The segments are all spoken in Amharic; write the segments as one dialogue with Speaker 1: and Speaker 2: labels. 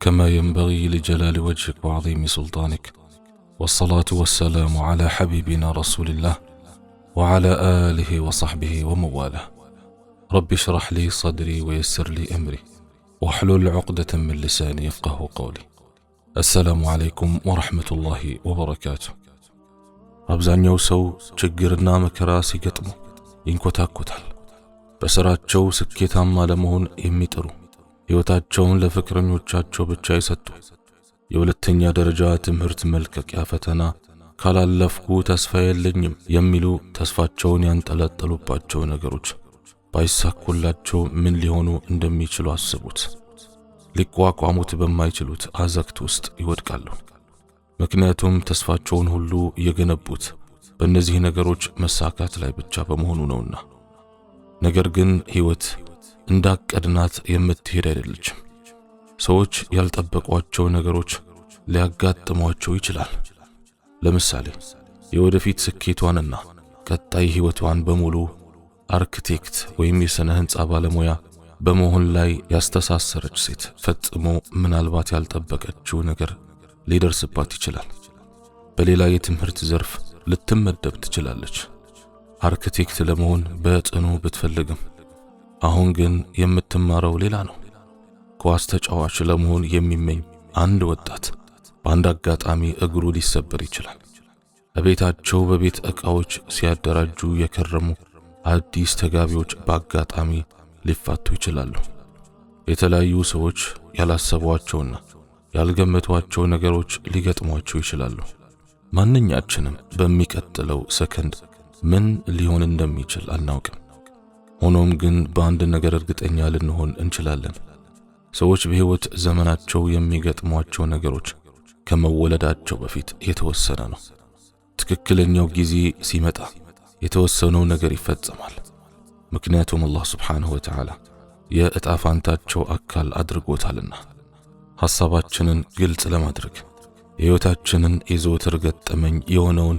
Speaker 1: كما ينبغي لجلال وجهك وعظيم سلطانك والصلاه والسلام على حبيبنا رسول الله وعلى اله وصحبه ومواله رب اشرح لي صدري ويسر لي امري واحلل عقده من لساني يفقه قولي السلام عليكم ورحمه الله وبركاته
Speaker 2: يوسو አብዛኛው ሰው ችግርና መከራ ሲገጥሙ شو سكيتا ስኬታማ ለመሆን يميترو ሕይወታቸውን ለፍቅረኞቻቸው ብቻ የሰጡ የሁለተኛ ደረጃ ትምህርት መልቀቂያ ፈተና ካላለፍኩ ተስፋ የለኝም የሚሉ ተስፋቸውን ያንጠለጠሉባቸው ነገሮች ባይሳኩላቸው ምን ሊሆኑ እንደሚችሉ አስቡት። ሊቋቋሙት በማይችሉት አዘቅት ውስጥ ይወድቃሉ። ምክንያቱም ተስፋቸውን ሁሉ የገነቡት በእነዚህ ነገሮች መሳካት ላይ ብቻ በመሆኑ ነውና። ነገር ግን ሕይወት እንዳቀድናት የምትሄድ አይደለችም። ሰዎች ያልጠበቋቸው ነገሮች ሊያጋጥሟቸው ይችላል። ለምሳሌ የወደፊት ስኬቷንና ቀጣይ ሕይወቷን በሙሉ አርክቴክት ወይም የሥነ ሕንፃ ባለሙያ በመሆን ላይ ያስተሳሰረች ሴት ፈጽሞ ምናልባት ያልጠበቀችው ነገር ሊደርስባት ይችላል። በሌላ የትምህርት ዘርፍ ልትመደብ ትችላለች። አርክቴክት ለመሆን በጽኑ ብትፈልግም አሁን ግን የምትማረው ሌላ ነው። ኳስ ተጫዋች ለመሆን የሚመኝ አንድ ወጣት በአንድ አጋጣሚ እግሩ ሊሰበር ይችላል። በቤታቸው በቤት ዕቃዎች ሲያደራጁ የከረሙ አዲስ ተጋቢዎች በአጋጣሚ ሊፋቱ ይችላሉ። የተለያዩ ሰዎች ያላሰቧቸውና ያልገመቷቸው ነገሮች ሊገጥሟቸው ይችላሉ። ማንኛችንም በሚቀጥለው ሰከንድ ምን ሊሆን እንደሚችል አናውቅም። ሆኖም ግን በአንድ ነገር እርግጠኛ ልንሆን እንችላለን። ሰዎች በሕይወት ዘመናቸው የሚገጥሟቸው ነገሮች ከመወለዳቸው በፊት የተወሰነ ነው። ትክክለኛው ጊዜ ሲመጣ የተወሰነው ነገር ይፈጸማል። ምክንያቱም አላህ ስብሓንሁ ወተዓላ የእጣ ፋንታቸው አካል አድርጎታልና። ሐሳባችንን ግልጽ ለማድረግ የሕይወታችንን የዘወትር ገጠመኝ የሆነውን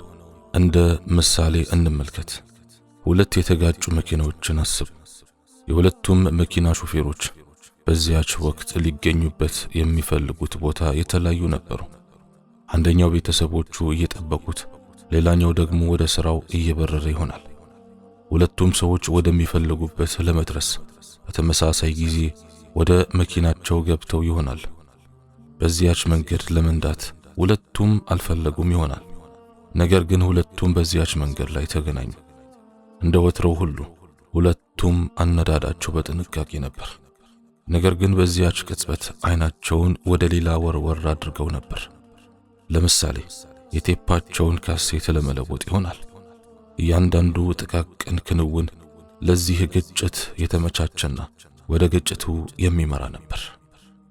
Speaker 2: እንደ ምሳሌ እንመልከት። ሁለት የተጋጩ መኪናዎችን አስብ። የሁለቱም መኪና ሹፌሮች በዚያች ወቅት ሊገኙበት የሚፈልጉት ቦታ የተለያዩ ነበሩ። አንደኛው ቤተሰቦቹ እየጠበቁት፣ ሌላኛው ደግሞ ወደ ሥራው እየበረረ ይሆናል። ሁለቱም ሰዎች ወደሚፈልጉበት ለመድረስ በተመሳሳይ ጊዜ ወደ መኪናቸው ገብተው ይሆናል። በዚያች መንገድ ለመንዳት ሁለቱም አልፈለጉም ይሆናል። ነገር ግን ሁለቱም በዚያች መንገድ ላይ ተገናኙ። እንደ ወትሮው ሁሉ ሁለቱም አነዳዳቸው በጥንቃቄ ነበር። ነገር ግን በዚያች ቅጽበት አይናቸውን ወደ ሌላ ወርወር አድርገው ነበር። ለምሳሌ የቴፓቸውን ካሴት ለመለወጥ ይሆናል። እያንዳንዱ ጥቃቅን ክንውን ለዚህ ግጭት የተመቻቸና ወደ ግጭቱ የሚመራ ነበር።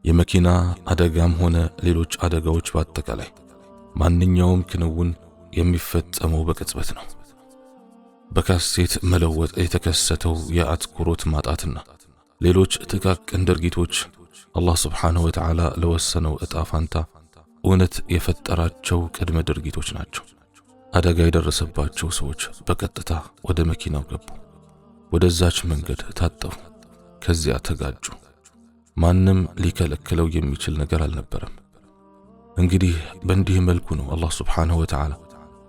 Speaker 2: የመኪና አደጋም ሆነ ሌሎች አደጋዎች፣ በአጠቃላይ ማንኛውም ክንውን የሚፈጸመው በቅጽበት ነው። በካሴት መለወጥ የተከሰተው የአትኩሮት ማጣትና ሌሎች ጥቃቅን ድርጊቶች አላህ ስብሓንሁ ወተዓላ ለወሰነው ዕጣ ፋንታ እውነት የፈጠራቸው ቅድመ ድርጊቶች ናቸው። አደጋ የደረሰባቸው ሰዎች በቀጥታ ወደ መኪናው ገቡ፣ ወደዛች መንገድ ታጠፉ፣ ከዚያ ተጋጩ። ማንም ሊከለክለው የሚችል ነገር አልነበረም። እንግዲህ በእንዲህ መልኩ ነው አላህ ስብሓንሁ ወተዓላ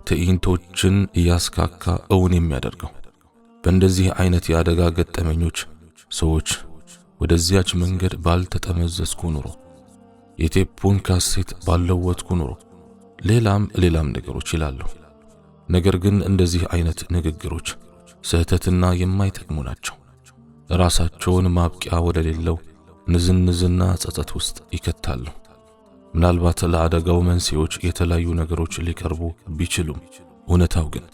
Speaker 2: ትዕይንቶችን እያስካካ እውን የሚያደርገው። በእንደዚህ አይነት የአደጋ ገጠመኞች ሰዎች ወደዚያች መንገድ ባልተጠመዘዝኩ ኑሮ፣ የቴፑን ካሴት ባልለወጥኩ ኑሮ፣ ሌላም ሌላም ነገሮች ይላሉ። ነገር ግን እንደዚህ አይነት ንግግሮች ስህተትና የማይጠቅሙ ናቸው። ራሳቸውን ማብቂያ ወደሌለው ንዝንዝና ጸጸት ውስጥ ይከታሉ። ምናልባት ለአደጋው መንስኤዎች የተለያዩ ነገሮች ሊቀርቡ ቢችሉም እውነታው ግን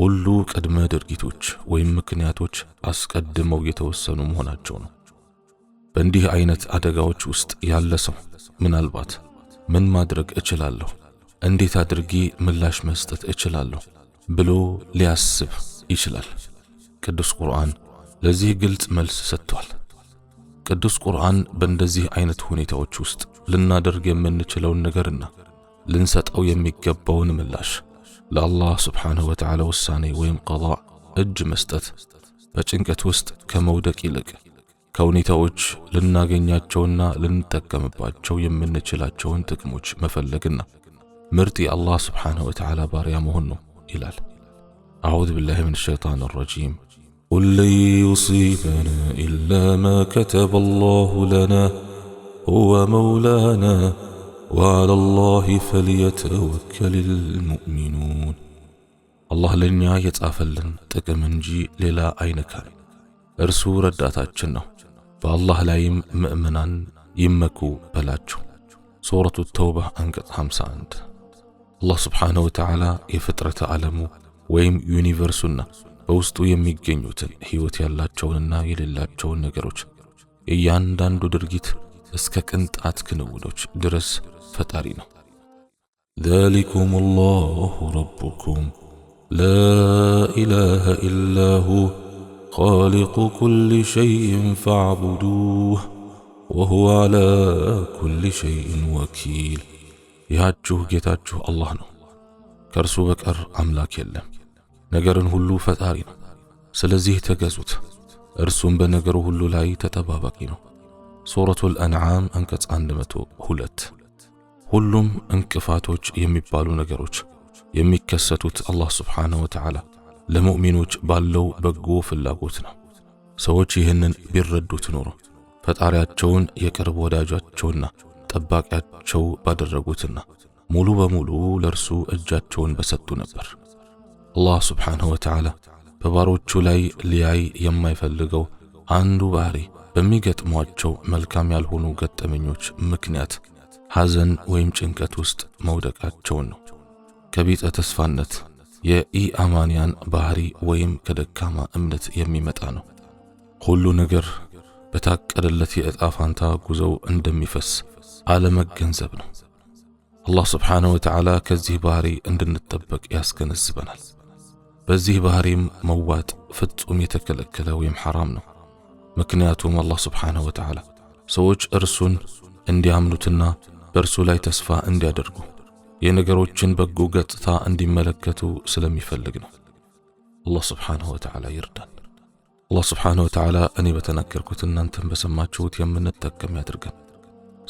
Speaker 2: ሁሉ ቅድመ ድርጊቶች ወይም ምክንያቶች አስቀድመው የተወሰኑ መሆናቸው ነው። በእንዲህ አይነት አደጋዎች ውስጥ ያለ ሰው ምናልባት ምን ማድረግ እችላለሁ፣ እንዴት አድርጌ ምላሽ መስጠት እችላለሁ ብሎ ሊያስብ ይችላል። ቅዱስ ቁርአን ለዚህ ግልጽ መልስ ሰጥቷል። ቅዱስ ቁርአን በእንደዚህ አይነት ሁኔታዎች ውስጥ ልናደርግ የምንችለውን ነገርና ልንሰጠው የሚገባውን ምላሽ ለአላህ ስብሓንሁ ወተዓላ ውሳኔ ወይም ቀዷ እጅ መስጠት በጭንቀት ውስጥ ከመውደቅ ይልቅ ከሁኔታዎች ልናገኛቸውና ልንጠቀምባቸው የምንችላቸውን ጥቅሞች መፈለግና ምርጥ የአላህ ስብሓንሁ ወተዓላ ባሪያ መሆን ነው ይላል። አዑዝ ቢላሂ ምን ሸይጣን ረጂም
Speaker 3: ቁል ለን ዩሲበና ኢላ ማ ከተበ አላሁ ለና هو مولانا وعلى الله فليتوكل المؤمنون
Speaker 2: አላህ ለእኛ የጻፈልን ጥቅም እንጂ ሌላ አይነካል። እርሱ ረዳታችን ነው። በአላህ ላይም ምእመናን ይመኩ በላቸው። ሱረቱ ተውባ አንቀጽ 51 አላህ ስብሓነሁ ወተዓላ የፍጥረተ ዓለሙ ወይም ዩኒቨርሱና በውስጡ የሚገኙትን ሕይወት ያላቸውንና የሌላቸውን ነገሮች የእያንዳንዱ ድርጊት እስከ ቅንጣት ክንውኖች ድረስ ፈጣሪ ነው።
Speaker 4: ዛሊኩም አላሁ ረቡኩም ላኢላሃ ኢላሃ ኢላሁ ኻሊቁ ኩሊ ሸይን ፈዕቡዱህ ወሁወ ዓላ ኩሊ ሸይን ወኪል።
Speaker 2: ይሃችሁ ጌታችሁ አላህ ነው፣ ከእርሱ በቀር አምላክ የለም። ነገርን ሁሉ ፈጣሪ ነው። ስለዚህ ተገዙት፣ እርሱም በነገሩ ሁሉ ላይ ተጠባባቂ ነው። ሱረቱል አንዓም አንቀጽ 102 ሁሉም እንቅፋቶች የሚባሉ ነገሮች የሚከሰቱት አላህ ስብሓንሁ ወተዓላ ለሙእሚኖች ባለው በጎ ፍላጎት ነው። ሰዎች ይህንን ቢረዱት ኖሮ ፈጣሪያቸውን የቅርብ ወዳጃቸውና ጠባቂያቸው ባደረጉትና ሙሉ በሙሉ ለእርሱ እጃቸውን በሰጡ ነበር። አላህ ስብሓንሁ ወተዓላ በባሮቹ ላይ ሊያይ የማይፈልገው አንዱ ባህሪ በሚገጥሟቸው መልካም ያልሆኑ ገጠመኞች ምክንያት ሐዘን ወይም ጭንቀት ውስጥ መውደቃቸውን ነው። ከቢጠ ተስፋነት የኢአማንያን ባህሪ ወይም ከደካማ እምነት የሚመጣ ነው። ሁሉ ነገር በታቀደለት የዕጣ ፋንታ ጉዞው እንደሚፈስ አለመገንዘብ ነው። አላህ ስብሓንሁ ወተዓላ ከዚህ ባህሪ እንድንጠበቅ ያስገነዝበናል። በዚህ ባህሪም መዋጥ ፍጹም የተከለከለ ወይም ሐራም ነው። ምክንያቱም አላህ ስብሓንሁ ወተዓላ ሰዎች እርሱን እንዲያምኑትና በእርሱ ላይ ተስፋ እንዲያደርጉ የነገሮችን በጎ ገጽታ እንዲመለከቱ ስለሚፈልግ ነው። አላህ ስብሓንሁ ወተዓላ ይርዳን። አላህ ስብሓንሁ ወተዓላ እኔ በተናገርኩት እናንተን በሰማችሁት የምንጠቀም ያድርገን።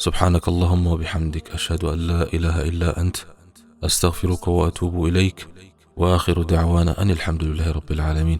Speaker 2: سبحانك اللهم وبحمدك أشهد أن لا إله إلا أنت أستغفرك وأتوب إليك وآخر دعوانا أن الحمد لله رب العالمين